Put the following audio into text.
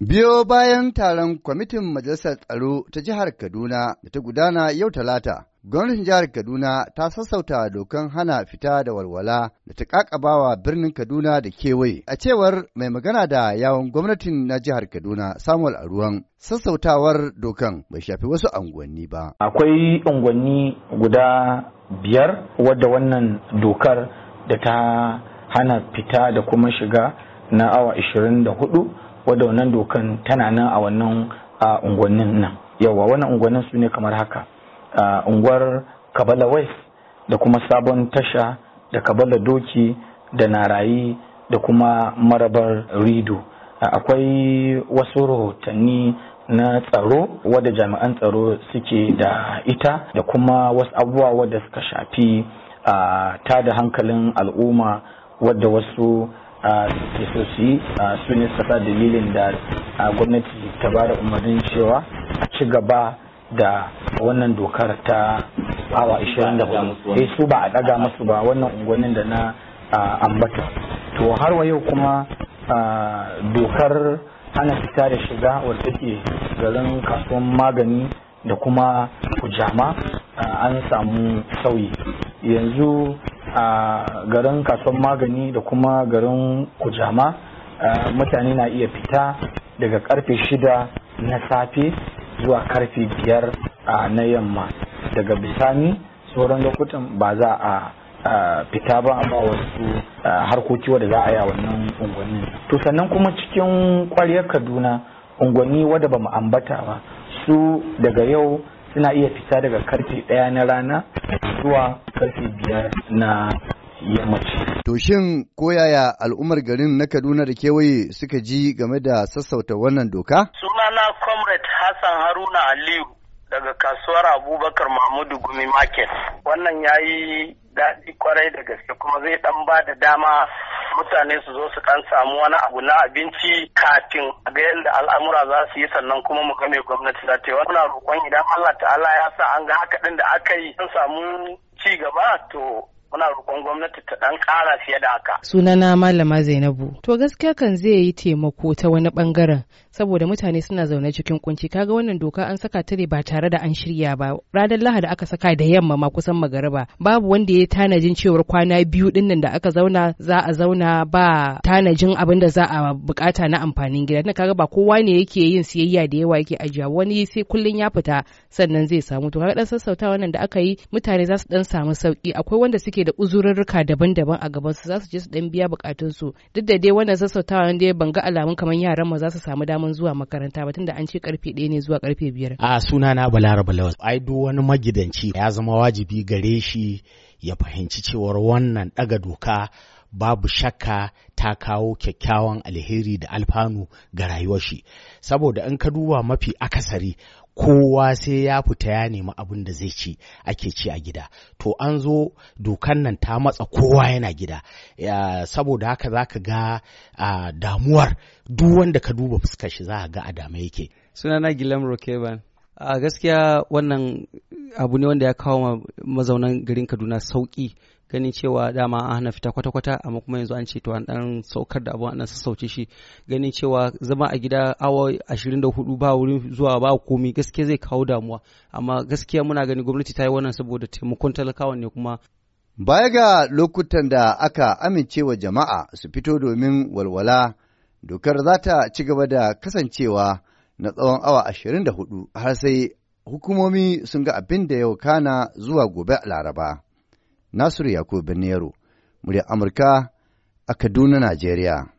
Biyo bayan taron kwamitin Majalisar Tsaro ta Jihar Kaduna da ta gudana yau Talata, gwamnatin Jihar Kaduna ta sassauta dokan hana fita da walwala da ta kakabawa birnin Kaduna da kewaye. A cewar mai magana da yawon gwamnatin na Jihar Kaduna Samuel Aruwan, sassautawar dokan bai shafi wasu unguwanni ba. Akwai unguwanni guda biyar wadda wannan dokar da ta hana fita da kuma shiga na awa 24 wadda wannan dokan tana nan a wannan unguwannin nan yawa wannan unguwannin su ne kamar haka unguwar kabala west da kuma sabon tasha da kabala doki da narayi da kuma marabar rido akwai wasu rahotanni na tsaro wadda jami'an tsaro suke da ita da kuma wasu abubuwa wadda suka shafi ta da hankalin al'umma wadda wasu da so su yi su saka dalilin da gwamnati ta ba da umarnin cewa a ci gaba da wannan dokar ta awa 24 sai eh, su ba a daga masu ba wannan unguwannin da na ambata to har wa yau kuma dokar hana fita da shiga wadda take garin kasuwan magani da kuma kujama an samu sauyi yanzu a garin kasuwan magani da kuma garin kujama mutane na iya fita daga karfe shida na safe zuwa karfe biyar na yamma daga bisani sauran lokutan ba za a fita ba ba wasu harkoki wadda za a yi a wannan unguwanni to sannan kuma cikin kwaryar kaduna unguwanni wadda ba mu ambata ba su daga yau suna iya fita daga karfe ɗaya na rana zuwa karfe biyar na yammaci. To shin ko yaya al'ummar garin na Kaduna da kewaye suka ji game da sassauta wannan doka? Sunana Comrade Hassan Haruna Aliyu daga kasuwar Abubakar Mahmudu Gumi Market. Wannan ya yi daɗi kwarai da gaske kuma zai ɗan ba da dama mutane su zo su kan samu wani abu na abinci kafin a ga yadda al'amura za su yi sannan kuma mu ga mai gwamnati za ta yi muna roƙon idan Allah ta'ala ya sa an ga haka ɗin da aka yi Zan samu ci gaba to muna roƙon gwamnati ta ɗan kara fiye da haka. Sunana Malama Zainabu. To gaskiya kan zai yi taimako ta wani ɓangaren saboda mutane suna zaune cikin kunci kaga wannan doka an saka ta ne ba tare da an shirya ba ranar lahadi aka saka da yamma ma kusan magariba babu wanda ya tanajin cewar kwana biyu dinnan da aka zauna za a zauna ba tanajin abin da za a bukata na amfanin gida na kaga ba kowa ne yake yin siyayya da yawa yake ajiya wani sai kullun ya fita sannan zai samu to kaga dan sassautawa nan da aka yi mutane za su dan samu sauki akwai wanda suke da uzurarruka daban-daban a gabansu za su je su dan biya bukatunsu duk da dai wannan sassautawa dai ban ga alamun kamar yaran ma za su samu daman zuwa makaranta ba tunda an ce karfe 1 ne zuwa karfe biyar. a sunana na balaraba lawas ai duk wani magidanci ya zama wajibi gare shi ya fahimci cewar wannan ɗaga doka babu shakka ta kawo kyakkyawan alheri da alfanu ga rayuwar shi saboda in ka duba mafi akasari kowa sai ya fita ya nemi abin da zai ci ake ci a gida to an zo dokan nan ta matsa kowa yana gida saboda haka za ka ga damuwar duk wanda ka duba fuskar shi za a ga a dama yake sunana gilam rokeban a gaskiya wannan abu ne wanda ya kawo mazaunan garin kaduna sauki ganin cewa dama an hana fita kwata-kwata amma kuma yanzu an ce to an dan saukar da abun an sassauce shi ganin cewa zama a gida awa 24 ba wurin zuwa ba komi gaskiya zai kawo damuwa amma gaskiya muna gani gwamnati ta yi wannan saboda taimakon talakawa ne kuma baya ga lokutan da aka amincewa jama'a su fito domin walwala dokar za ta ci gaba da kasancewa na tsawon awa 24 har sai hukumomi sun ga abin da yau kana zuwa gobe a laraba. Nasiru Yakubu Nero, murya Amurka a Kaduna, Najeriya.